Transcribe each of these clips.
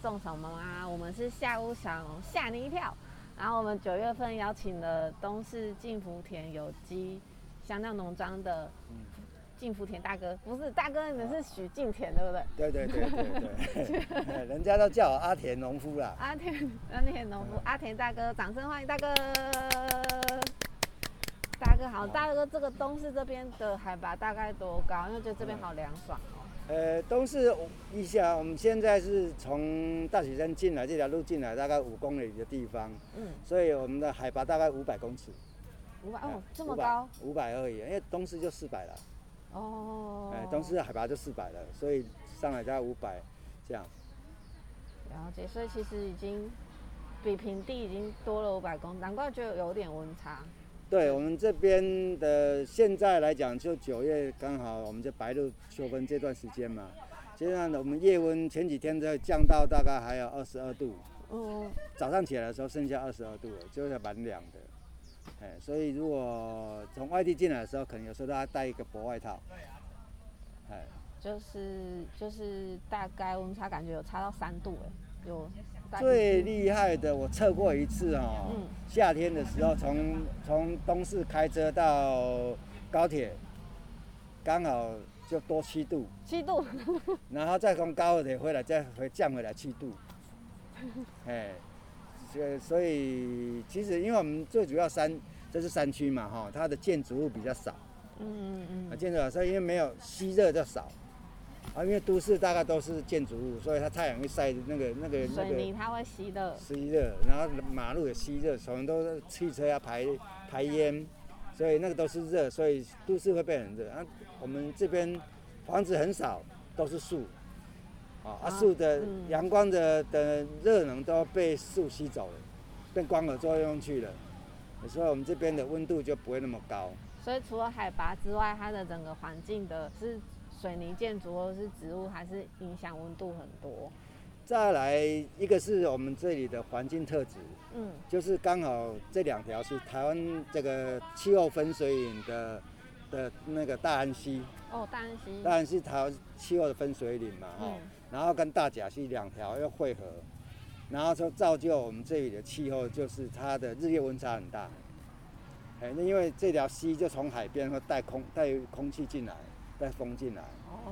送什麼啊？我們是下午想嚇你一跳，然後我們九月份邀請了東勢晉福田有機香料農莊的晉福田大哥，不是大哥，啊、你們是許晉田對不對？對對對對對， 對人家都叫我阿田農夫啦。阿田阿田農夫，嗯、阿田大哥，掌聲歡迎大哥！大哥好，好大哥，這個東勢這邊的海拔大概多高？因為覺得這邊好涼爽哦。呃，東勢我一下，我們現在是從大雪山進來這條路進來，大概五公里的地方，嗯，所以我們的海拔大概五百公尺，五百哦，嗯、這麼高，五百而已，因為東勢就四百了，哦，哎、呃，東勢的海拔就四百了，所以上來大概五百這樣，了解，所以其實已經比平地已經多了五百公，難怪就有點溫差。對我們這邊的現在來講，就九月剛好，我們就白露秋分這段時間嘛。其實呢，我們夜溫前幾天在降到，大概還有二十二度，哦、嗯，早上起來的時候剩下二十二度了，就是蠻涼的。哎，所以如果從外地進來的時候，可能有時候都要帶一個薄外套。對。哎。就是就是大概溫差感覺有差到三度哎，有。最厲害的，我測過一次啊、喔，夏天的時候，從從東市開車到高鐵，剛好就多七度，七度，然後再從高鐵回來，再回降回來七度，哎，這所以其實，因為我們最主要山，這是山區嘛哈，它的建築物比較少，嗯嗯，那建築物所以因為沒有吸熱就少。啊，因為都市大概都是建築物，所以它太陽會曬那個、那個、那個。水泥它會吸熱。吸熱，然後馬路也吸熱，什麼都汽車要排排煙，所以那個都是熱，所以都市會變得很熱。啊，我們這邊房子很少，都是樹。啊，啊樹的嗯、陽光的的熱能都被樹吸走了，變光合作用去了，所以我們這邊的溫度就不會那麼高。所以除了海拔之外，它的整個環境的是。水泥建築或是植物，還是影響溫度很多。再來一個是我們這裡的環境特質，嗯，就是剛好這兩條是台灣這個氣候分水嶺的的那個大安溪。哦，大安溪。大安溪是台灣氣候的分水嶺嘛，哈、嗯。然後跟大甲溪兩條又匯合，然後就造就我們這裡的氣候，就是它的日夜溫差很大。哎、欸，那因為這條溪就從海邊，會帶空帶空氣進來。再封進來，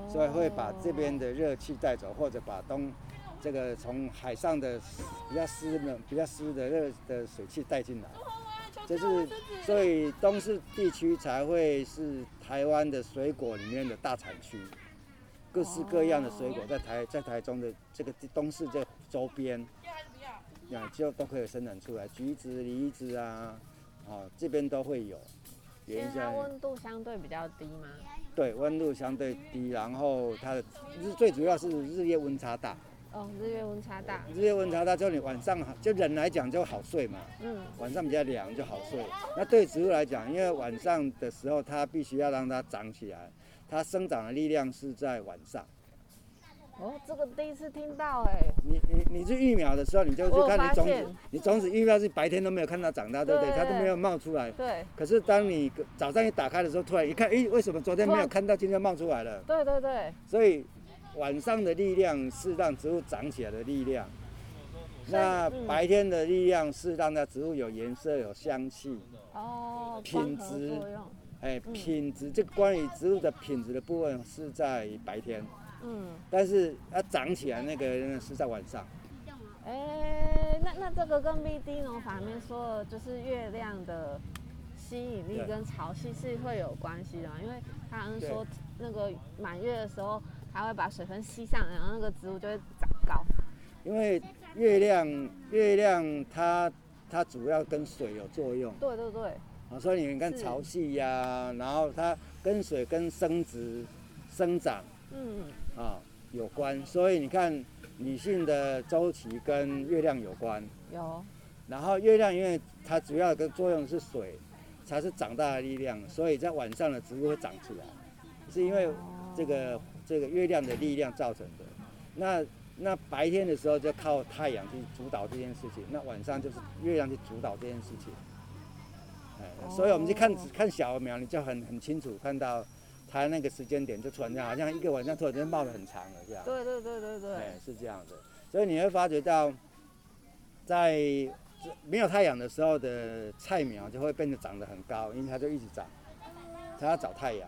所以會把這邊的熱氣帶走，或者把東這個從海上的比較濕的、比較濕的熱的水氣帶進來。這、就是所以東勢地區才會是台灣的水果裡面的大產區，各式各樣的水果在台在台中的這個東勢這周邊，啊，就都可以生產出來，橘子、梨子啊，啊、哦，這邊都會有原。原在溫度相對比較低嗎？對，溫度相對低，然後它的日最主要是日夜溫差大。哦，日夜溫差大。日夜溫差大，就你晚上就人來講就好睡嘛。嗯，晚上比較涼就好睡。那對植物來講，因為晚上的時候它必須要讓它長起來，它生長的力量是在晚上。哦，這個第一次聽到哎。你你你去育苗的時候，你就去看你種子，你種子育苗是白天都沒有看到長大，對不對？它都沒有冒出來。對。可是當你早上一打開的時候，突然一看，哎，為什麼昨天沒有看到，今天冒出來了？對對對。所以晚上的力量是讓植物長起來的力量，那白天的力量是讓它植物有顏色、有香氣。哦。品質。哎，品質，這個關於植物的品質的部分是在白天。嗯，但是它長起來那個是在晚上。哎、欸，那那這個跟 BD 農法裡面說，就是月亮的吸引力跟潮汐是會有關係的，對因為他們說那個滿月的時候，它會把水分吸上，然後那個植物就會長高。因為月亮月亮它它主要跟水有作用。對對對。所以你們看潮汐呀、啊，是然後它跟水跟生殖生長。嗯。啊、哦，有關，所以你看，女性的周期跟月亮有關。有。然後月亮，因為它主要的作用是水，才是長大的力量，所以在晚上的植物會長出來，是因為這個、哦、這個月亮的力量造成的。那那白天的時候就靠太陽去主導這件事情，那晚上就是月亮去主導這件事情。哎、嗯，哦、所以我們去看、哦、看小苗，你就很很清楚看到。它那個時間點就突然好像一個晚上突然間冒得很長了，這樣，對對對對對，對、嗯。是這樣的，所以你會發覺到，在沒有太陽的時候的菜苗就會變得長得很高，因為它就一直長，它要找太陽。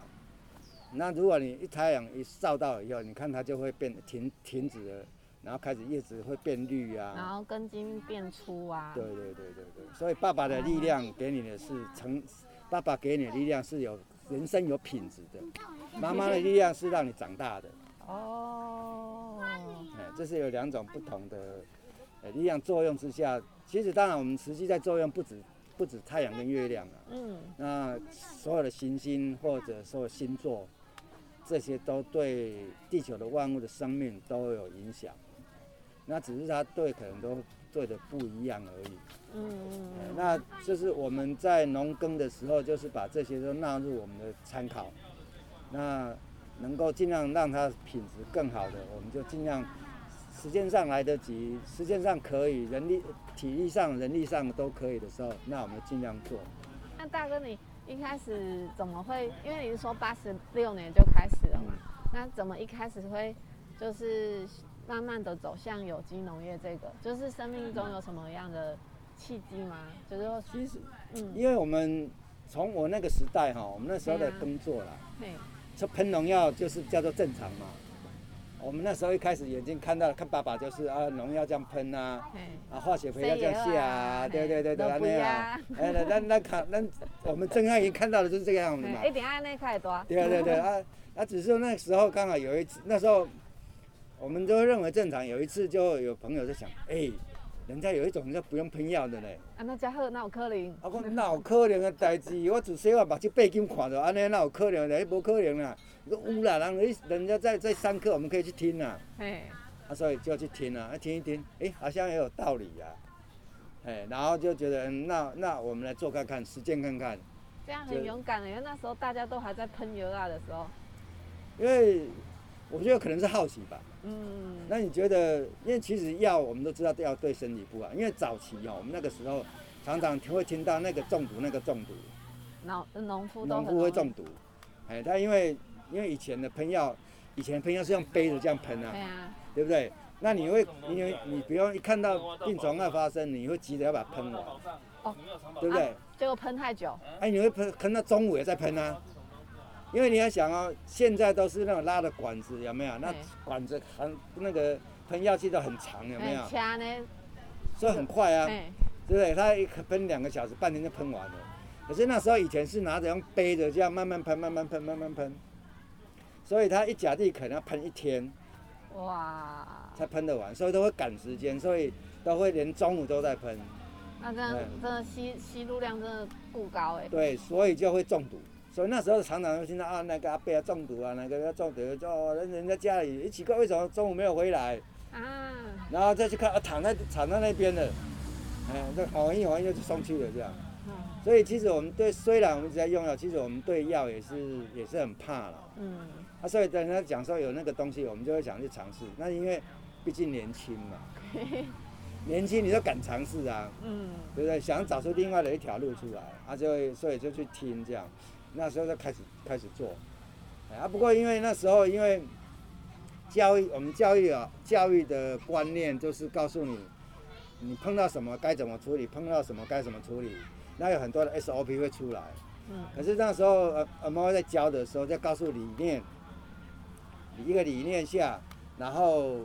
那如果你一太陽一照到以後，你看它就會變停停止了，然後開始葉子會變綠啊，然後根莖變粗啊。對，對對對對對。所以爸爸的力量給你的是成，爸爸給你的力量是有。人生有品質的，媽媽的力量是讓你長大的。哦，哎，這是有兩種不同的，呃，力量作用之下。其實當然，我們實際在作用不止不止太陽跟月亮啊。嗯，那所有的行星或者說星座，這些都對地球的萬物的生命都有影響。那只是它對可能都。做的不一樣而已，嗯，嗯，那就是我們在農耕的時候，就是把這些都納入我們的參考，那能夠盡量讓它品質更好的，我們就盡量時間上來得及，時間上可以，人力、體力上、人力上都可以的時候，那我們盡量做。那大哥，你一開始怎麼會？因為你是說八十六年就開始了嘛。嗯，那怎麼一開始會就是？慢慢的走向有機農業，這個就是生命中有什麼樣的契機嗎？就是說，其實，嗯，因為我們從我那個時代哈，我們那時候的工作啦，對，這噴農藥就是叫做正常嘛。我們那時候一開始眼睛看到的，看爸爸就是啊，農藥這樣噴吶，啊，啊，化學肥料這樣下啊，對對對對，對，那樣，哎，那那看，那我們睜開眼看到的就是這個樣子嘛。一定安尼開大。對對對啊，啊，那只是那時候剛好有一次，那時候。我們都認為正常。有一次，就有朋友在想，哎、欸，人家有一種人家不用噴藥的嘞。啊，那有那腦科靈。啊那腦科靈的代誌我只小我把這背景看着，啊，那那有可能的，哎， 可的不可能啦。說有啦，人伊人家在在上課，我們可以去聽啊。嘿對。啊，所以就要去聽啊，聽一聽，哎、欸，好像也有道理呀、啊。哎，然後就覺得，那那我們來做看看，實踐看看。這樣很勇敢的、欸。因為那時候大家都還在噴油啦的時候。因為。我覺得可能是好奇吧。嗯嗯。那你覺得，因為其實藥我們都知道要對身體不好，因為早期哦，我們那個時候常常會聽到那個中毒，那個中毒。那農夫都。農夫會中毒。哎、欸，他因為因為以前的噴藥，以前噴藥是用杯子這樣噴啊，對，啊對不對？那你會因為你，你不用一看到病蟲害發生，你會急着要把它噴完。哦。喔、對不對？結果噴太久。哎、欸，你會噴噴到中午也在噴啊。因為你要想哦，現在都是那種拉的管子，有沒有？那管子很那個噴藥器都很長，有沒有？車呢？所以很快啊，欸、對不對？他一噴兩個小時，半天就噴完了。可是那時候以前是拿着用背着這樣慢慢噴，慢慢噴，慢慢噴。所以他一甲地可能要噴一天，哇！才噴得完，所以都會趕時間，所以都會連中午都在噴。那真、啊、對真的吸吸入量真的不高哎。對，所以就會中毒。所以那時候常常就聽到啊，那個阿伯、啊、中毒啊，那個要中毒、啊，就人人家家裡一起過，過為什麼中午沒有回來？啊，然後再去看、啊、躺在躺在那邊的，哎呀，這好容黃好像就送去了這樣。所以其實我們對雖然我們一直在用藥，其實我們對藥也是也是很怕了。嗯，啊，所以等人家講說有那個東西，我們就會想去嘗試。那因為畢竟年輕嘛，年輕你就敢嘗試啊。嗯，對不對？想找出另外的一條路出來，啊就，就所以就去聽這樣。那時候就開始開始做，啊，不過因為那時候因為教育我們教育啊教育的觀念就是告訴你，你碰到什麼該怎麼處理，碰到什麼該怎麼處理，那有很多的 SOP 會出來。嗯。可是那時候呃呃媽在教的時候在告訴理念，一個理念下，然後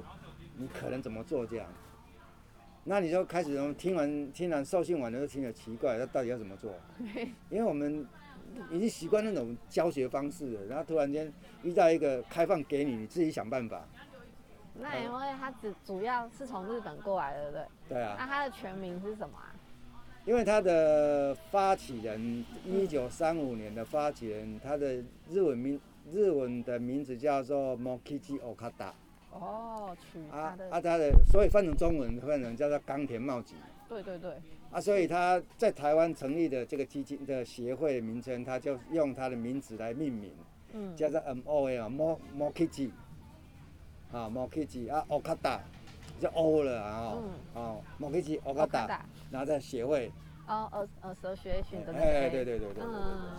你可能怎麼做這樣，那你就開始從聽完聽完受訓完了就聽着奇怪，那到底要怎麼做？ 因為我們。已經習慣那種教學方式了，然後突然間遇到一個開放給你，你自己想辦法。那因為他只主要是從日本過來的，對對？對啊。那他的全名是什麼啊？因為他的發起人，一九三五年的發起人，他的日文名日文的名字叫做茂吉奧卡達。哦、去、啊。啊啊，他的所以翻成中文翻成叫做岡田茂吉。對對對，啊，所以他在台灣成立的這個基金的協會名稱，他就用他的名字來命名，嗯，叫做 M O A，Mo Mokichi 啊，Mokichi，啊，Okada 就 O 了啊，哦，Mokichi Okada 然後在協會，哦哦哦，哲學性的，哎，對對對對對對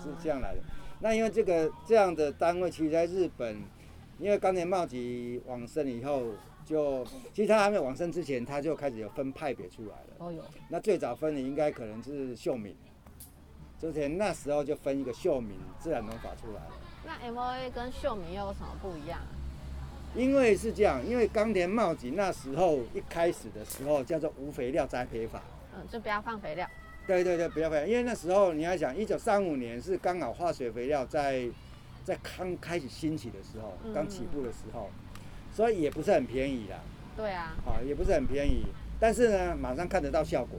是這樣來的。那因為這個這樣的單位，其實在日本，因為岡田茂吉往生以後。就其實他還沒往生之前，他就開始有分派別出來了。哦有呦。那最早分的應該可能是秀明，之前那時候就分一個秀明自然農法出來了。那 M O A 跟秀明又有什麼不一樣啊？因為是這樣，因為岡田茂吉那時候一開始的時候叫做無肥料栽培法。嗯，就不要放肥料。對對對，不要肥料，因為那時候你要想，一九三五年是剛好化學肥料在在剛開始興起的時候，剛起步的時候。嗯所以也不是很便宜啦。對啊。啊、哦，也不是很便宜，但是呢，馬上看得到效果。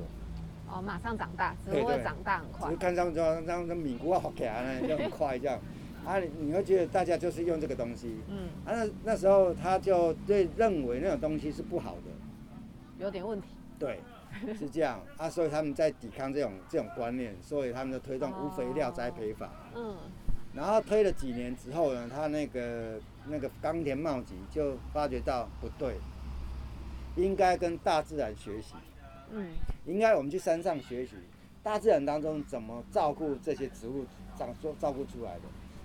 哦，馬上長大，只會，會長大很快。就看上說，那那米谷好可愛呢，就很快這樣。 啊你，你會覺得大家就是用這個東西。嗯。啊，那那時候他就對認為那種東西是不好的。有點問題。對，是這樣。 啊，所以他們在抵抗這種這種觀念，所以他們就推動無肥料栽培法。哦、嗯。然後推了幾年之後呢，他那個。那個岡田茂吉就發覺到不對，應該跟大自然學習，嗯，應該我們去山上學習，大自然當中怎麼照顧這些植物長做照顧出來的，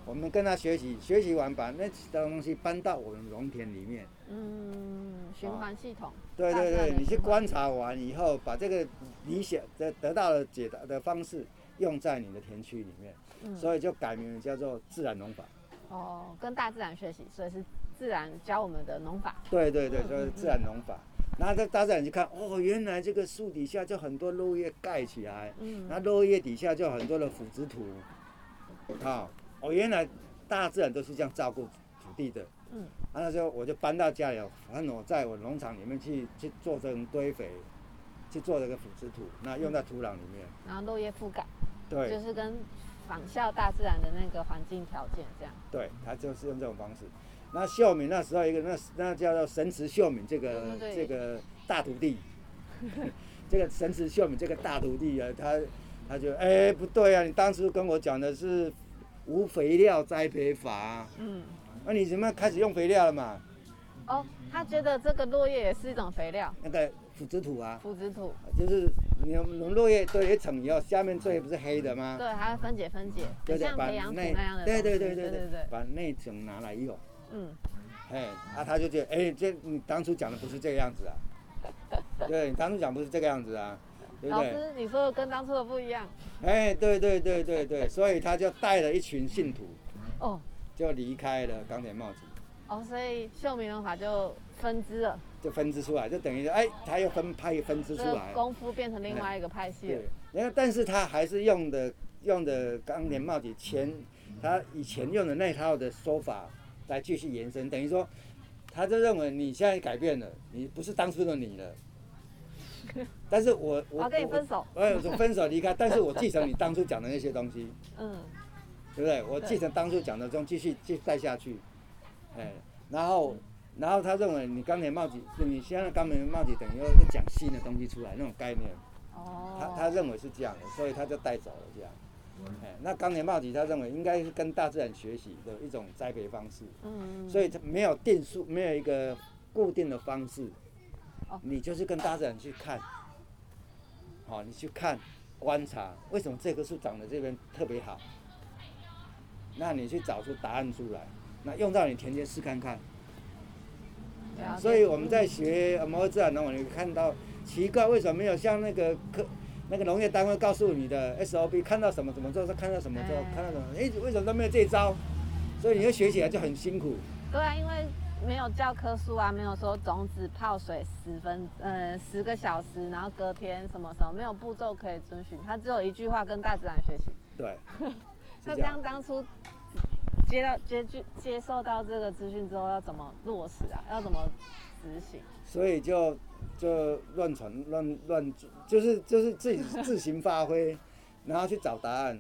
我們跟他學習，學習完把那些東西搬到我們農田裡面，嗯，循環系統，啊、對對對，你去觀察完以後，把這個理想的得到的解答的方式用在你的田區裡面，嗯、所以就改名叫做自然農法。哦，跟大自然學習，所以是自然教我們的農法。對對對，就是自然農法。 然後在大自然去看，哦，原來這個樹底下就很多落葉蓋起來，嗯，那落葉底下就很多的腐殖土，好、哦，哦，原來大自然都是這樣照顧土地的，嗯。啊，那時候我就搬到家裡，反正我在我農場裡面去去做這種堆肥，去做這個腐殖土，那用在土壤裡面。嗯、然後落葉覆蓋，對，就是跟。仿效大自然的那個環境條件，這樣。對，他就是用這種方式。那秀敏那時候一個那那叫做神池秀敏這個這個大徒弟，這個神池秀敏這個大徒弟啊，他他就哎不對啊，你當初跟我講的是無肥料栽培法，嗯，那你怎麼開始用肥料了嘛？哦，他覺得這個落葉也是一種肥料。那個。腐殖土啊，腐殖土就是你落落葉堆一層以後，下面這些不是黑的嗎？嗯、對，還要分解分解，就像培養土那樣的。對對對對對,對,對,對把那種拿來用。嗯。哎，啊，他就覺得，哎、欸，這你當初講的不是這個樣子啊？對，你當初講不是這個樣子啊？嗯、對，你當初講不是這個樣子啊？對不對？老師，你說的跟當初的不一樣。哎、欸，對對對對對，所以他就帶了一群信徒，哦，就離開了鋼鐵帽子。哦，oh, 所以秀明的法就分支了，就分支出來，就等於說，哎，他又分派又分支出來，功夫變成另外一個派系、嗯、對，然後但是他還是用的用的剛連帽子前，他以前用的那套的說法來繼續延伸，等於說，他就認為你現在改變了，你不是當初的你了。 但是我，我我跟你分手我我分手離開，但是我繼承你當初講的那些東西， 嗯，對不對？我繼承當初講的中，中繼續繼續帶下去。哎，然後，然後他認為你岡田茂吉，你現在岡田茂吉等於又講新的東西出來那種概念。哦，他他認為是這樣的，所以他就帶走了這樣。哎、嗯，那岡田茂吉他認為應該是跟大自然學習的一種栽培方式，嗯，所以他沒有定數，沒有一個固定的方式，哦，你就是跟大自然去看，好、哦，你去看觀察，為什麼這棵樹長得這邊特別好？那你去找出答案出來。那用到你田間試看看，所以我們在學摩爾自然農法，我你看到奇怪，為什麼沒有像那個科那個農業單位告訴你的 S O B 看到什麼怎麼做，看到什麼做，看到什麼，哎，為什麼都沒有這一招？所以你要學起來就很辛苦。對啊，因為沒有教科書啊，沒有說種子泡水十分呃十個小時，然後隔天什麼時候，沒有步驟可以遵循，它只有一句話，跟大自然學習。對，像這， 這樣當初。接到接去接受到這個資訊之後要怎麼落實啊？要怎麼執行？所以就就亂傳亂亂，就是就是自己自行發揮， 然後去找答案。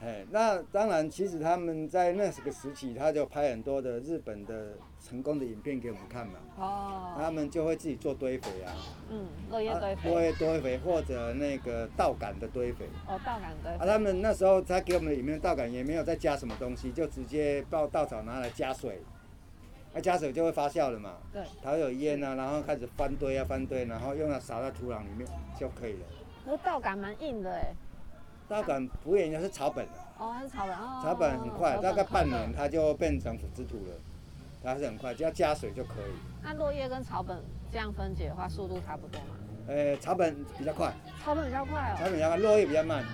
嘿，那當然，其實他們在那個時期他就拍很多的日本的。成功的影片給我們看嘛，哦，他們就會自己做堆肥啊，嗯，落葉堆肥，啊、堆肥或者那個稻桿的堆肥，哦，稻稈堆。啊，他們那時候他給我們的裡面的稻桿也沒有再加什麼東西，就直接把稻草拿來加水，那、啊、加水就會發酵了嘛，對，它會有煙啊，然後開始翻堆啊翻堆，然後用來撒在土壤裡面就可以了。那、哦、稻桿蠻硬的哎，稻稈本來應該是草本的、啊，哦，是草本、哦、草本很快，很快大概半年它就變成腐殖土了。還是很快，只要加水就可以。那落葉跟草本這樣分解的話，速度差不多嗎？呃、欸，草本比較快。草本比較快哦。草本比較快，落葉比較慢。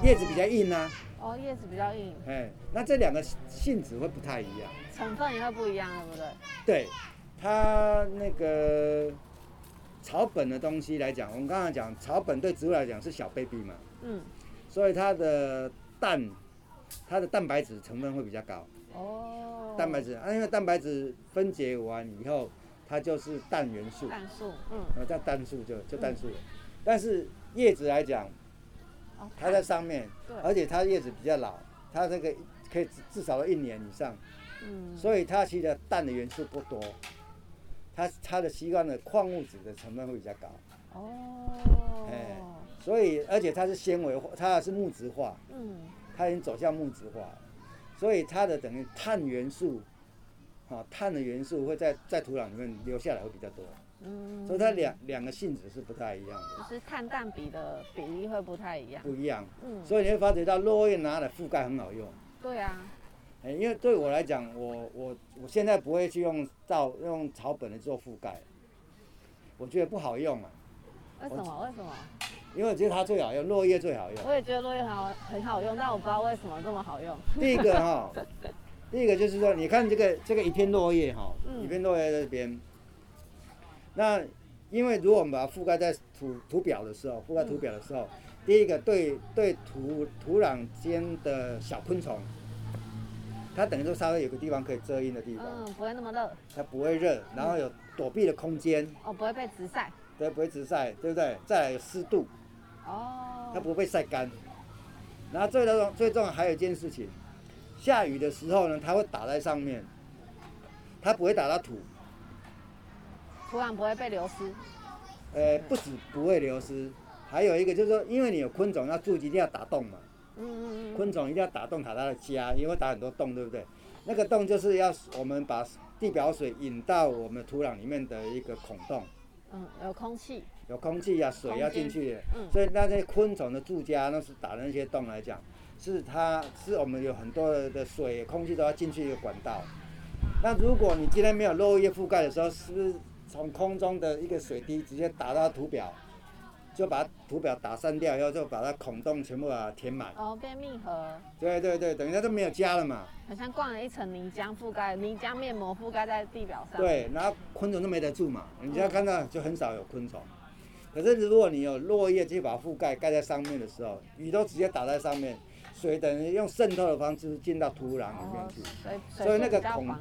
葉、哦、子比較硬啊。哦，葉子比較硬。哎、欸，那這兩個性質會不太一樣。成分也會不一樣，對不對？對，它那個草本的東西來講，我們剛剛講草本對植物來講是小 baby 嘛。嗯。所以它的蛋，它的蛋白質成分會比較高。哦。蛋白質啊，因為蛋白質分解完以後，它就是氮元素。氮素，嗯。啊，叫氮素就就氮素了。嗯、但是葉子來講，okay, 它在上面，對而且它葉子比較老，它這個可以至少一年以上。嗯。所以它其實氮的元素不多，它它的習慣的礦物質的成分會比較高。哦。哎、欸，所以而且它是纖維化，它是木質化。嗯。它已經走向木質化。所以它的等於碳元素，啊，碳的元素會在在土壤裡面留下來會比較多，嗯，所以它兩兩個性質是不太一樣的。就是碳氮比的比例會不太一樣。不一樣。嗯。所以你會發覺到落葉拿來覆蓋很好用。對啊。哎，因為對我來講，我我我現在不會去用稻用草本來做覆蓋，我覺得不好用啊。為什麼？我為什麼？因為我覺得它最好用，落葉最好用。我也覺得落葉很好很好用，但我不知道為什麼這麼好用。第一個哈， 第一個就是說，你看這個這個一片落葉哈，嗯、一片落葉在這邊，那因為如果我們把它覆蓋在土土表的時候，覆蓋土表的時候，嗯、第一個對對土土壤間的小昆蟲，它等於說稍微有個地方可以遮陰的地方，嗯，不會那麼熱。它不會熱，然後有躲避的空間、嗯。哦，不會被直曬。對，不會直曬，對不對？再來有濕度。哦，oh。它不會被曬乾，然後最重要最重要還有一件事情，下雨的時候呢，它會打在上面，它不會打到土，土壤不會被流失。呃、欸，不止不會流失，的還有一個就是說，因為你有昆蟲，那蛀蟲一定要打洞嘛。嗯嗯嗯。昆蟲一定要打洞，它它的家，因為打很多洞，對不對？那個洞就是要我們把地表水引到我們土壤裡面的一個孔洞。嗯，有空氣。有空氣呀、啊，水要進去，嗯、所以那些昆蟲的住家，那是打的那些洞來講，是它是我們有很多的水、空氣都要進去的管道。那如果你今天沒有落葉覆蓋的時候，是不是從空中的一個水滴直接打到土表，就把土表打散掉以後，然後就把它孔洞全部把它填滿？哦，變密合。對對對，等一下就沒有家了嘛。好像灌了一層泥漿覆蓋，泥漿面膜覆蓋在地表上。對，然後昆蟲都沒得住嘛，你只要看到就很少有昆蟲。可是，如果你有落葉去把它覆蓋蓋在上面的時候，雨都直接打在上面，水等於用滲透的方式進到土壤裡面去，哦、所，以所，以所以那個孔，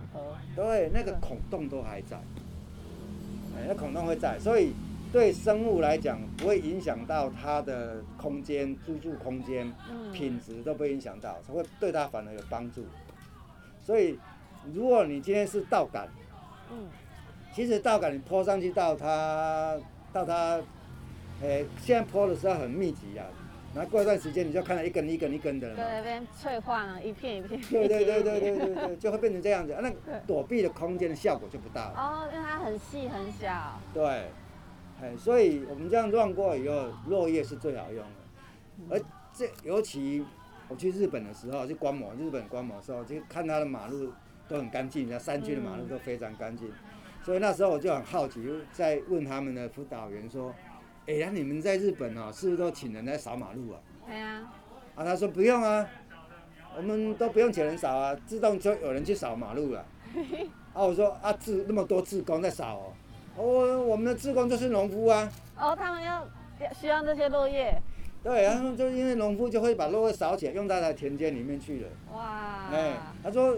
對，那個孔洞都還在，那孔洞會在，所以對生物來講不會影響到它的空間、居住，住空間、品質都不會影響到，它會對它反而有幫助。所以，如果你今天是稻稈，嗯、其實稻稈你拖上去到它，到它。欸、現在播的時候很密集啊，然後過一段時間你就看到一根一根一根的了嘛，對，那邊翠化了，一片一片，對，對對對對對對， 就會變成這樣子。啊、那躲避的空間的效果就不大了，哦，因為它很細很小。對，哎、欸，所以我們這樣亂過以後，落葉是最好用的。而這尤其我去日本的時候，去觀摩日本觀摩的時候，就看他的馬路都很乾淨，你知道山區的馬路都非常乾淨。嗯、所以那時候我就很好奇，在問他們的輔導員說。哎呀、欸啊，你們在日本啊、哦，是不是都請人來掃馬路啊？哎呀、啊，啊,他說不用啊，我們都不用請人掃啊，自動就有人去掃馬路了、啊 啊。啊，我說啊，自那麼多志工在掃、哦，哦，我我們的志工就是農夫啊。哦，他們要需要這些落葉。對，他、啊、們就因為農夫就會把落葉掃起來，用到在田間裡面去了。哇！哎，他說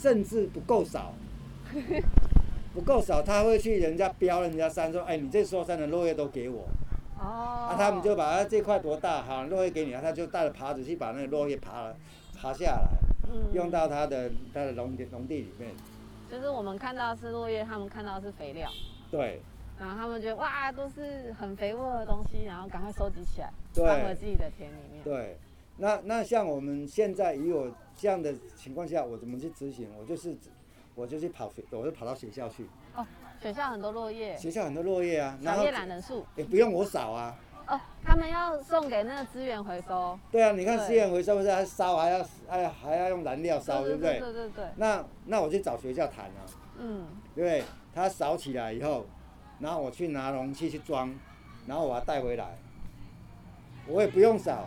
甚至不夠掃。 不夠少，他會去人家標人家山，說：“哎，你這座山的落葉都給我。”哦，啊，他們就把它、啊、這塊多大哈、啊，落葉給你，啊、他就帶着耙子去把那個落葉耙了耙下來，嗯、用到他的他的農田農地裡面。就是我們看到是落葉，他們看到是肥料。對。然後他們覺得哇，都是很肥沃的東西，然後趕快收集起來，放回自己的田裡面。對。那那像我們現在也有這樣的情況下，我怎麼去執行？我就是。我就去跑學，我就跑到學校去。哦，學校很多落葉。學校很多落葉啊，然後也不用我掃啊。哦，他們要送給那個資源回收。對啊，你看資源回收不是對還燒還要還要還要用燃料燒對不對，對？對對對。那那我去找學校談啊。嗯。因為他掃起來以後，然後我去拿容器去裝，然後我要帶回來，我也不用掃，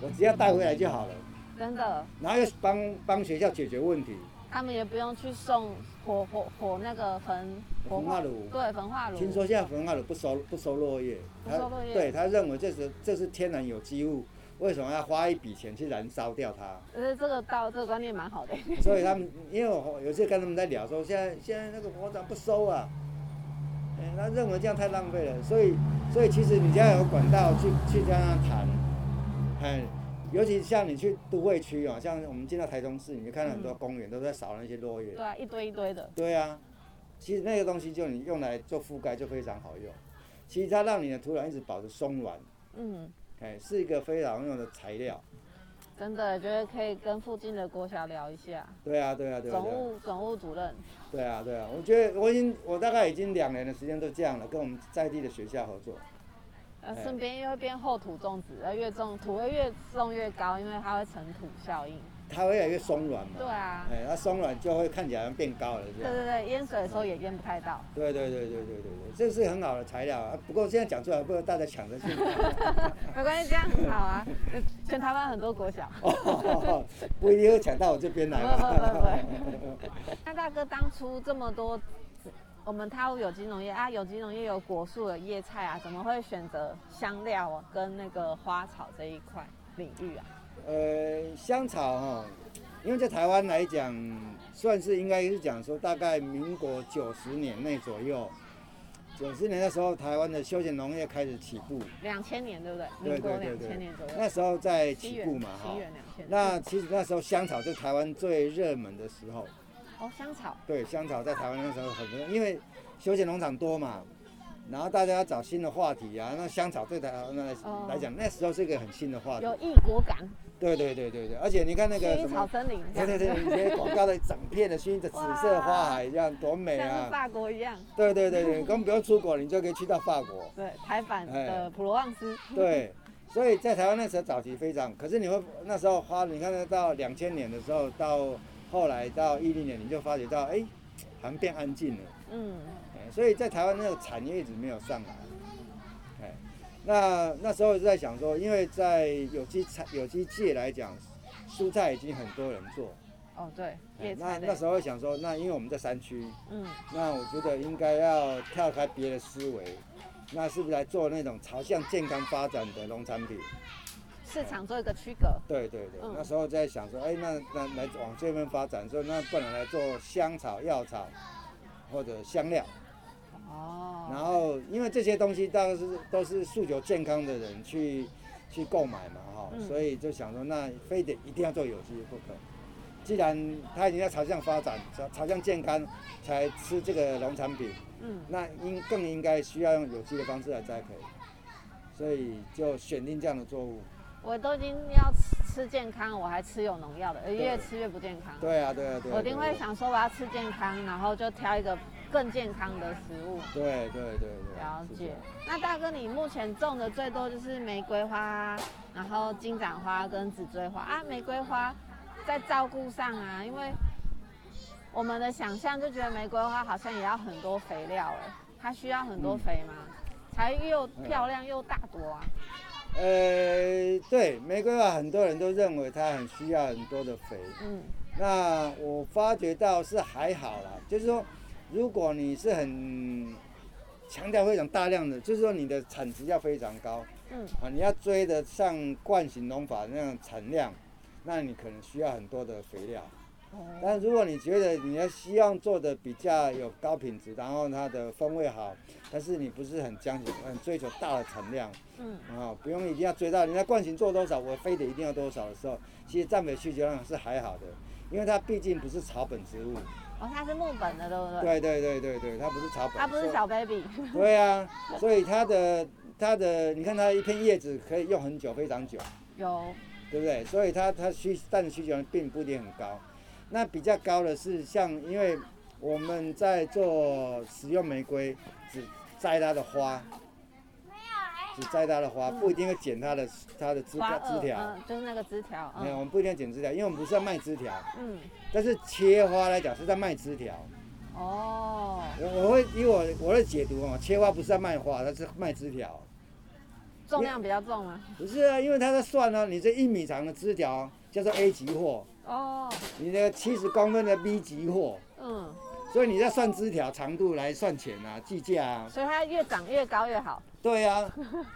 我只要帶回來就好了。真的。然後又幫幫學校解決問題。他們也不用去送火火火那個焚焚化爐，對焚化爐。聽說現在焚化爐不收不收落葉，不收落葉。對他認為這是這是天然有機物，為什麼要花一筆錢去燃燒掉它？可是這個道這個觀念蠻好的。所以他們因為我有些跟他們在聊說，現在現在那個火葬不收啊，嗯、哎，他認為這樣太浪費了。所以所以其實你只要有管道去去這樣談，哎。尤其像你去都會區啊，像我們進到台中市，你就看到很多公園、嗯、都在掃那些落葉。對啊，一堆一堆的。對啊，其實那個東西就你用來做覆蓋就非常好用，其實它讓你的土壤一直保持鬆軟。嗯。哎，是一個非常用的材料。真的，覺得可以跟附近的國小聊一下對、啊。對啊，對啊，對啊。總務總務主任。對啊，對啊，我覺得我已經我大概已經兩年的時間都這樣了，跟我們在地的學校合作。身邊又會變厚土種植，而越種土會越種越高，因為它會成土效應，它會越來越鬆軟嘛。對啊，哎、欸，它鬆軟就會看起來好像變高了，對對對，淹水的時候也淹不太到。對對對對對對，這是很好的材料，啊不過現在講出來，不如大家搶不去沒關係，這樣很好啊， 全台灣很多國小。不一定會搶到我這邊來？不不不不， 那大哥當初這麼多。我們踏入有機農業啊，有機農業有果樹有葉菜啊，怎麼會選擇香料啊跟那個花草這一塊領域啊？呃，香草哈，因為在台灣來講，算是應該是講說大概民國九十年內左右，九十年那時候台灣的休閒農業開始起步，兩千年對不對？民國兩千年左右那時候在起步嘛哈，那其實那時候香草在台灣最熱門的時候。香草對，香草在台灣那時候很，因為休閒農場多嘛，然後大家要找新的話題啊，那香草對台灣來講那時候是一個很新的話題，有異國感。對對對對對，而且你看那個什麼薰衣草森林，對對對，那些廣告的整片的新的紫色花海一樣多美啊，像法國一樣。對對對對，根本不用出國，你就可以去到法國。對，台版的普羅旺斯。對，所以在台灣那時候早期非常，可是你會那時候花，你看得到兩千年的時候到。後來到一零年，你就發覺到，哎、欸，好像變安靜了。嗯。所以在台灣那個產業一直沒有上來。哎，那那時候就在想說，因為在有機產、有機界來講，蔬菜已經很多人做。哦，對。對對那對那時候想說，那因為我們在山區。嗯。那我覺得應該要跳開別的思維，那是不是來做那種朝向健康發展的農產品？市場做一個區隔。對對對，嗯、那時候在想說，哎、欸，那那，那來往這邊發展，說那不能來做香草、藥草或者香料。哦。然後，因為這些東西當時都是訴求健康的人去去購買嘛、哦，哈、嗯，所以就想說，那非得一定要做有機不可。既然他已經在朝向發展，朝朝向健康才吃這個農產品，嗯，那應更應該需要用有機的方式來栽培，所以就選定這樣的作物。我都已經要吃吃健康，我還吃有農藥的，越對吃越不健康對、啊。對啊，對啊，對。我一定會想說，我要吃健康，然後就挑一個更健康的食物。對對對對，了解。那大哥，你目前種的最多就是玫瑰花，然後金盞花跟紫錐花啊。玫瑰花在照顧上啊，因為我們的想象就覺得玫瑰花好像也要很多肥料哎、欸，它需要很多肥嗎？嗯、才又漂亮又大朵啊。嗯呃，對，玫瑰花很多人都認為它很需要很多的肥。嗯，那我發覺到是還好啦，就是說，如果你是很強調非常大量的，就是說你的產值要非常高，嗯，啊，你要追得上慣行農法那樣產量，那你可能需要很多的肥料。但如果你覺得你要希望做的比較有高品質，然後它的風味好。但是你不是很將就，很追求大的產量，嗯啊、嗯，不用一定要追到人家慣行做多少，我非得一定要多少的時候，其實占美需求量是還好的，因為它畢竟不是草本植物。哦，它是木本的，對不對？對對對對對，它不是草本。它不是小 baby。對啊，所以它的它的，你看它一片葉子可以用很久，非常久。有。對不對？所以它它需，但需求量並不一定很高。那比較高的是像，因為我們在做食用玫瑰只摘它的花，沒有，只摘它的花，嗯、不一定要剪它的它的，的枝鵝枝條，嗯，就是那個枝條。嗯、沒有，我們不一定要剪枝條，因為我們不是在賣枝條。嗯。但是切花來講是在賣枝條。哦，我。我會以我我會解讀嘛，切花不是在賣花，它是賣枝條。重量比較重嗎？啊？不是啊，因為他在算啊，你這一米長的枝條叫做 A 級貨。哦。你那個七十公分的 B 級貨。嗯。嗯所以你在算枝條長度來算錢啊，計價啊。所以它越長越高越好。對啊，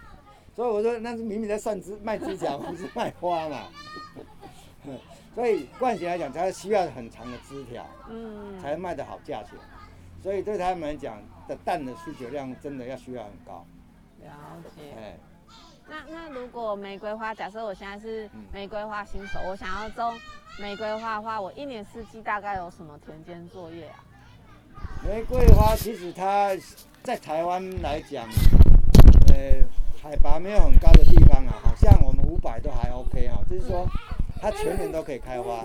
所以我說那是明明在算枝賣枝條， 不是賣花嘛。 所以冠姐來講，它需要很長的枝條，嗯，才賣得好價錢。所以對他們來講，的蛋的需求量真的要需要很高。了解。對那那如果玫瑰花，假設我現在是玫瑰花新手，嗯、我想要種玫瑰花的話，我一年四季大概有什麼田間作業啊？玫瑰花其實它在台灣來講，呃、欸，海拔沒有很高的地方啊，好像我們五百都還 OK 哈、啊，就是說它全年都可以開花，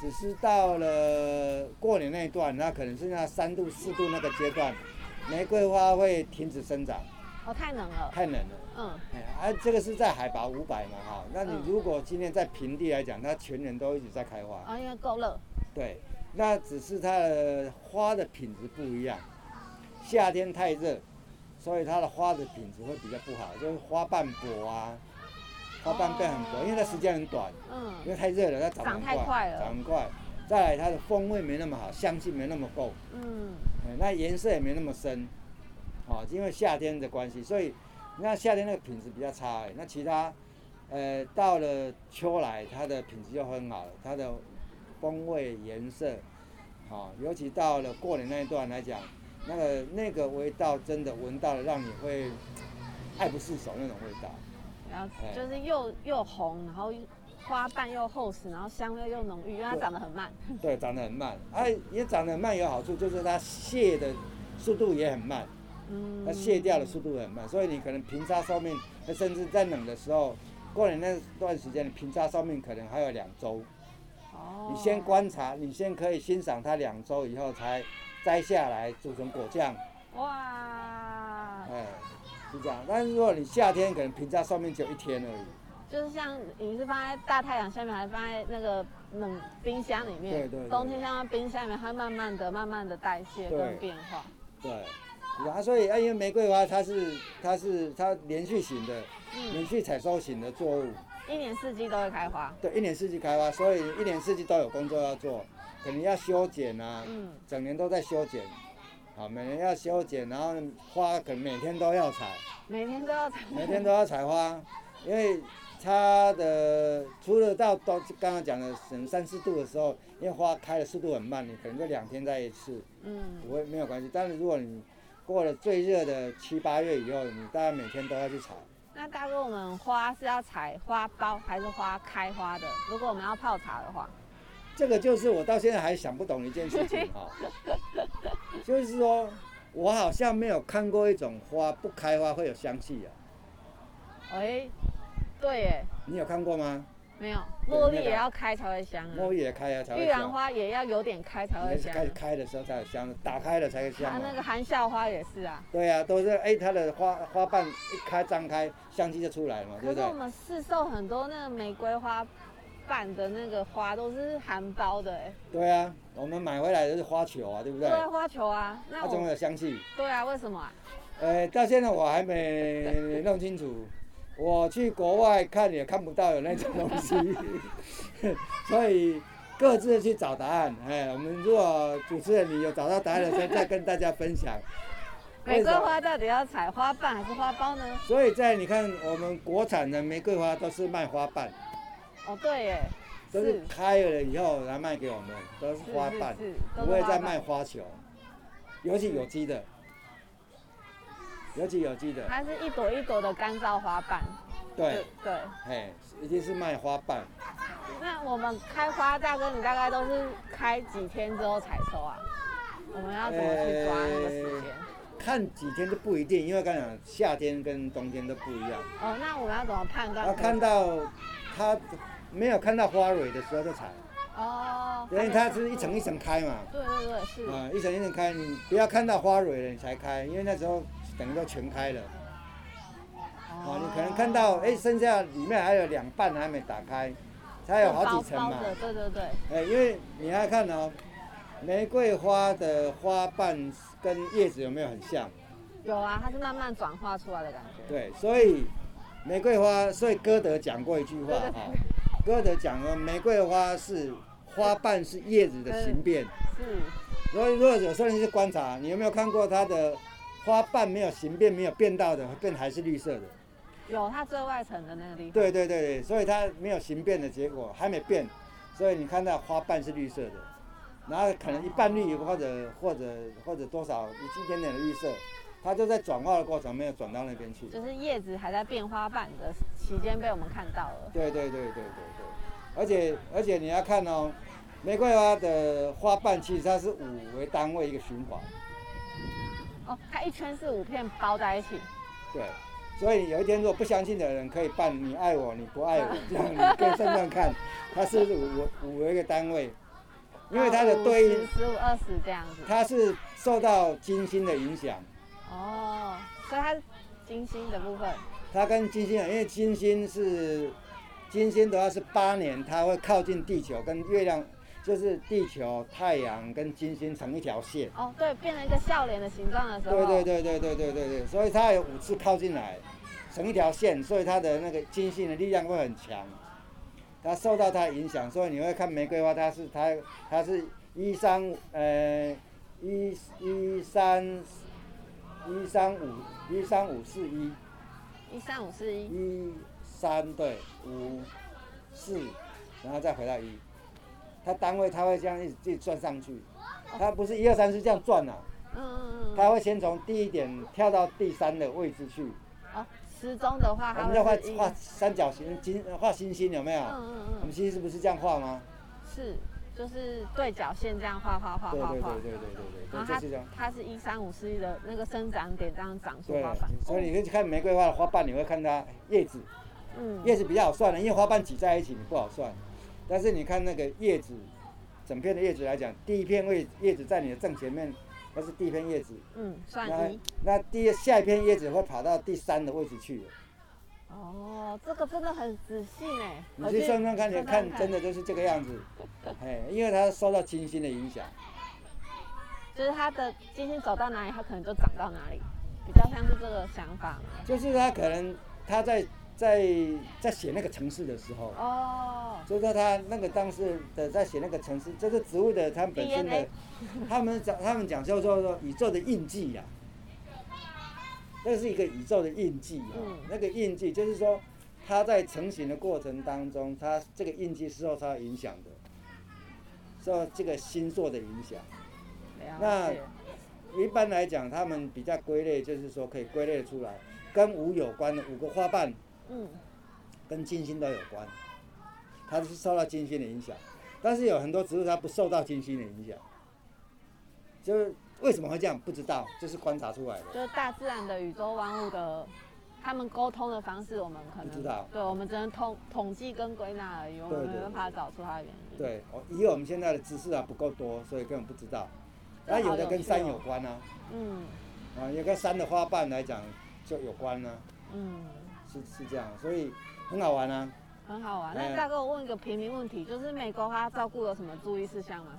只是到了過年那一段，那可能是在三度四度那個階段，玫瑰花會停止生長。哦，太冷了。太冷了。嗯。哎、啊，這個是在海拔五百嘛哈？那你如果今天在平地來講，它全年都一直在開花。哦，應該夠了。對。那只是它的花的品質不一樣，夏天太熱，所以它的花的品質會比較不好，就是花瓣薄啊，花瓣變很薄，因為它時間很短，嗯，因為太熱了，它長太快了，長很快。再來，它的風味沒那麼好，香氣沒那麼夠，嗯，那顏色也沒那麼深，哦，因為夏天的關係，所以你看夏天那個品質比較差，哎，那其他，呃，到了秋來，它的品質就很好了，它的。風味、顏色，好、哦，尤其到了過年那一段來講，那個那個味道真的聞到了，讓你會愛不釋手那種味道。然後就是又、哎、又紅，然後花瓣又厚實，然後香味又濃郁。因為它長得很慢。對， 對，長得很慢。哎、啊，也長得很慢，有好處就是它謝的速度也很慢。嗯。它謝掉的速度很慢，所以你可能瓶插壽命，甚至在冷的時候，過年那段時間，瓶插壽命可能還有兩周。你先觀察，oh. 你先可以欣賞它兩周以後才摘下來煮成果醬。哇！哎，是這樣。但是如果你夏天可能平價壽命只有一天而已。就是像你是放在大太陽下面，還是放在那個冷冰箱裡面？對對，對對。冬天放在冰箱裡面，它慢慢的、慢慢的代謝跟變化。對。對。啊，所以因為玫瑰花它是它是它連續型的、連續採收型的作物。嗯一年四季都會開花。對，一年四季開花，所以一年四季都有工作要做，肯定要修剪啊。嗯。整年都在修剪，好，每年要修剪，然後花可能每天都要採。每天都要採。每天都要採花，採花 因為它的除了到到剛剛講的可能三四度的時候，因為花開的速度很慢，你可能就兩天採一次。嗯。不會沒有關係，但是如果你過了最熱的七八月以後，你大概每天都要去採。那大哥，我們花是要採花苞還是花開花的？如果我們要泡茶的話，這個就是我到現在還想不懂一件事情哈 就是說，我好像沒有看過一種花不開花會有香氣的、啊。哎、欸，對耶，你有看過嗎？沒有，茉對莉也要開才會香啊。茉莉也開啊，才會香，玉蘭花也要有點開才會香、啊。開，開的時候才有香，打開了才會香、啊。那個含笑花也是啊。對啊，都是哎、欸，它的花花瓣一開張開，香氣就出來了嘛，對不對？可是我們市售很多那個玫瑰花瓣的那個花都是含苞的、欸。對啊，我們買回來的是花球啊，對不對？對啊，花球啊，那怎、啊、有香氣？對啊，為什麼、啊？哎、欸，到現在我還沒弄清楚。我去國外看也看不到有那種東西， 所以各自去找答案。哎，我們如果主持人你有找到答案的時候，再跟大家分享。玫瑰花到底要採花瓣還是花苞呢？所以在你看我們國產的玫瑰花都是賣花瓣。哦，對耶，是。都是開了了以後來賣給我們，都是花瓣，不會再賣花球，尤其有機的。有機有機的，它是一朵一朵的乾燥花瓣。對對，哎，一定是賣花瓣。那我們開花大哥，你大概都是開幾天之後採收啊？我們要怎麼去抓那個時間，欸欸？看幾天都不一定，因為剛才講夏天跟冬天都不一樣。哦，那我們要怎麼判斷？要、啊、看到它沒有看到花蕊的時候就採。哦。因為它是一層一層開嘛。對，對對對，是。啊、嗯，一層一層開，你不要看到花蕊了你才開，因為那時候。整個都全開了，好，你可能看到，哎，剩下裡面還有兩瓣還沒打開，才有好幾層嘛，對對對。哎，因為你來看哦、喔，玫瑰花的花瓣跟葉子有沒有很像？有啊，它是慢慢轉化出來的感覺。對，所以玫瑰花，所以歌德講過一句話哈、喔，歌德講了，玫瑰花是花瓣是葉子的形變。是。所以如果有時間去觀察，你有沒有看過它的？花瓣沒有形變，沒有變到的變還是綠色的。有它最外層的那個地方。對對對對，所以它沒有形變的結果，還沒變，所以你看到花瓣是綠色的，然後可能一半綠或者或者或者多少一點點的綠色，它就在轉化的過程沒有轉到那邊去。就是葉子還在變花瓣的期間被我們看到了。對對對對對對，而且而且你要看哦，玫瑰花的花瓣其實它是五為單位一個循環。哦、它一圈是五片包在一起，對，所以有一天如果不相信的人可以辦，你愛我，你不愛我，啊、這樣你可以算算看， 它是五五一個單位，因為它的對應十五二十這樣子，它是受到金星的影響，哦，所以它是金星的部分，它跟金星啊因為金星是金星的話是八年，它會靠近地球跟月亮。就是地球、太陽跟金星成一條線哦，對，變成一個笑臉的形狀的時候，對對對對對對對對，所以它有五次靠近來，成一條線，所以它的那個金星的力量會很強，它受到它的影響，所以你會看玫瑰花，它是它它是一三五呃一一三一三五一三五四一，一三五四一，一三對五四，然後再回到一。它單位它會這樣一直自己轉上去，它不是一二三是這樣轉吶、啊嗯，嗯嗯嗯，它會先從第一點跳到第三的位置去。哦、啊，時鐘的話是，我們要畫畫三角形，金畫星星有沒有？嗯嗯嗯，我們星星是不是這樣畫嗎？是，就是對角線這樣畫畫畫畫畫。畫畫，對對對對對，就然後它是這樣，它是一三五四一的那個生長點這樣長出花瓣。所以你可以去看玫瑰花的花瓣，你會看它葉子，嗯，葉子比較好算的，因為花瓣擠在一起你不好算。但是你看那個葉子，整片的葉子來講，第一片位葉子在你的正前面，那是第一片葉子。嗯，算那，那第一下一片葉子會跑到第三的位置去。哦，這個真的很仔細呢，你去算算看，去你看真的就是這個樣子。哎，因為它受到金星的影響。就是它的金星走到哪裡，它可能就長到哪裡，比較像是這個想法。就是它可能，它在。在在寫那個城市的時候，就說他那個當時的在寫那個城市，這個植物的他們本身的，他們講他們講叫做說宇宙的印記呀，那是一個宇宙的印記呀、啊，那個印記就是說，它在成型的過程當中，它這個印記是受它影響的，受這個星座的影響，那一般來講，他們比較歸類就是說可以歸類出來，跟五有關的五個花瓣。嗯，跟金星都有關，它是受到金星的影響，但是有很多植物它不受到金星的影響，就是為什麼會這樣？不知道，這，就是觀察出來的。就是大自然的宇宙萬物的，他們溝通的方式我們可能不知道，對，我們只能統統計跟歸納而已,我們對對對沒辦法找出它的原因。對，以我們現在的知識啊不夠多，所以根本不知道。那有、哦、有的跟山有關啊。嗯。啊，有個山的花瓣來講就有關呢、啊。嗯。是是這樣，所以很好玩啊，很好玩。來那大哥，我問一個平民問題，就是玫瑰花照顧有什麼注意事項嗎？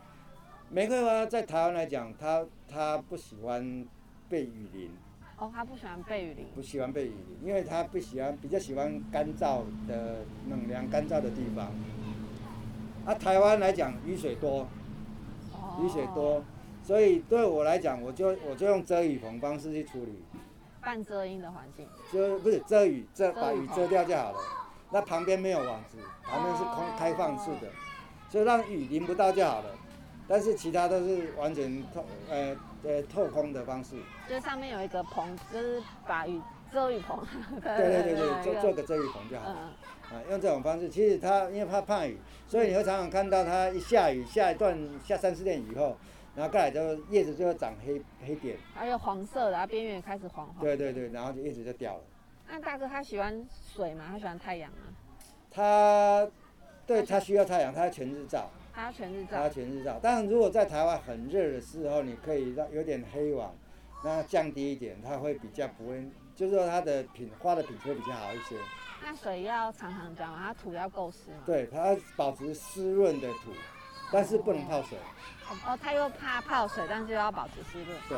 玫瑰花在台灣來講，它它不喜歡被雨淋。哦，它不喜歡被雨淋。不喜歡被雨淋，因為它不喜歡比較喜歡乾燥的冷涼、冷涼乾燥的地方。啊，台灣來講雨水多，哦、雨水多，所以對我來講，我就我就用遮雨棚方式去處理。半遮陰的環境，就不是遮雨，遮把雨遮掉就好了。那旁邊沒有網子，旁邊是空、哦、開放式的，就讓雨淋不到就好了。但是其他都是完全透，呃呃透空的方式。就上面有一個棚，就是把雨遮雨棚。對對對對，對對對做做個遮雨棚就好了。啊、嗯，用這種方式，其實它因為怕怕雨，所以你會常常看到它一下雨，下一段下三四點以後，然後蓋了之後葉子就會長黑黑點，還有黃色的、啊，然後邊緣也開始黃黃。對對對，然後就葉子就掉了。那大哥他喜歡水嗎？他喜歡太陽嗎？他，對，他需要太陽，他要全日照。他要全日照。他要全日照。但是如果在台灣很熱的時候，你可以讓有點黑網，那降低一點，他會比較不會，就是說他的品花的品質會比較好一些。那水要常常澆嗎？它土要夠濕嗎？對，它要它保持濕潤的土。但是不能泡水，哦，okay. oh, 他又怕泡水，但是又要保持濕潤。對，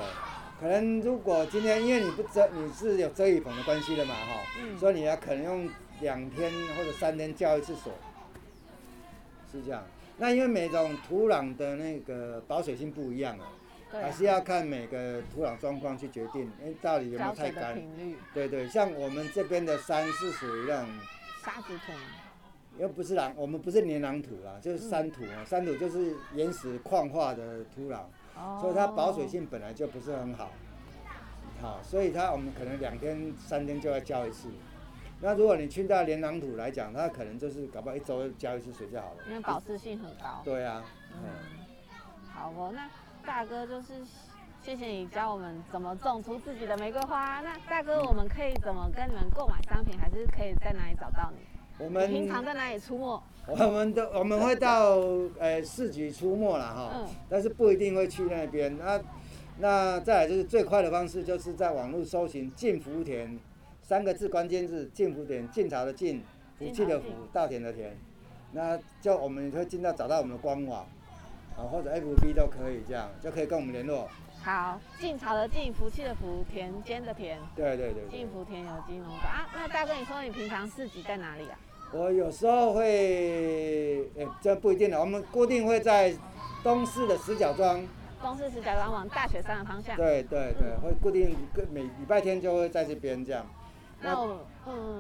可能如果今天因為你不遮，你是有遮雨棚的關係了嘛，哈、嗯，所以你要可能用兩天或者三天澆一次水，是這樣。那因為每種土壤的那個保水性不一樣啊，還是要看每個土壤狀況去決定，哎，到底有沒有太乾？對對，像我們這邊的山是屬於那種沙質土。又不是壤，我們不是黏壤土啦，就是山土啊，嗯、山土就是岩石礦化的土壤，哦、所以它保水性本來就不是很好，好，所以它我們可能兩天、三天就要澆一次。那如果你去到黏壤土來講，它可能就是搞不好一周澆一次水就好了，因為保濕性很高。對啊，嗯。嗯好哦，那大哥就是謝謝你教我們怎麼種出自己的玫瑰花。那大哥，我們可以怎麼跟你們購買商品，還是可以在哪裡找到你？我們平常在哪裡出沒？我們都我們會到誒市局出沒了哈，嗯、但是不一定會去那邊。那那再來就是最快的方式，就是在網絡搜尋“進福田”三個字，關鍵字“進福田”，進茶的進，福氣的福，稻田的田。那就我們會儘量找到我們的官網，啊、哦、或者 F B 都可以這樣，就可以跟我們聯絡。好，晉朝的晉，福氣的福，田間的田。對，對對對。晉福田有金龍館。啊。那大哥，你說你平常市集在哪裡啊？我有時候會，欸、這不一定的。我們固定會在東市的石角莊。東市石角莊往大雪山的方向。對對對，嗯、會固定每禮拜天就會在這邊這樣。哦。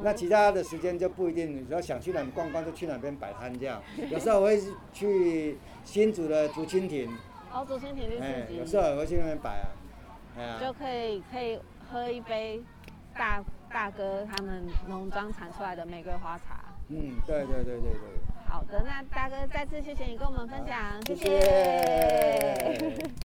那其他的時間就不一定，你說想去哪裡，逛逛就去哪邊擺攤這樣。 有時候我會去新竹的竹蜻蜓。哦，祖先天地神明。哎，有事我去那邊拜啊。啊。就可以可以喝一杯大大哥他們農莊產出來的玫瑰花茶。嗯，對對對對對。好的，那大哥再次謝謝你跟我們分享，好謝謝。謝謝。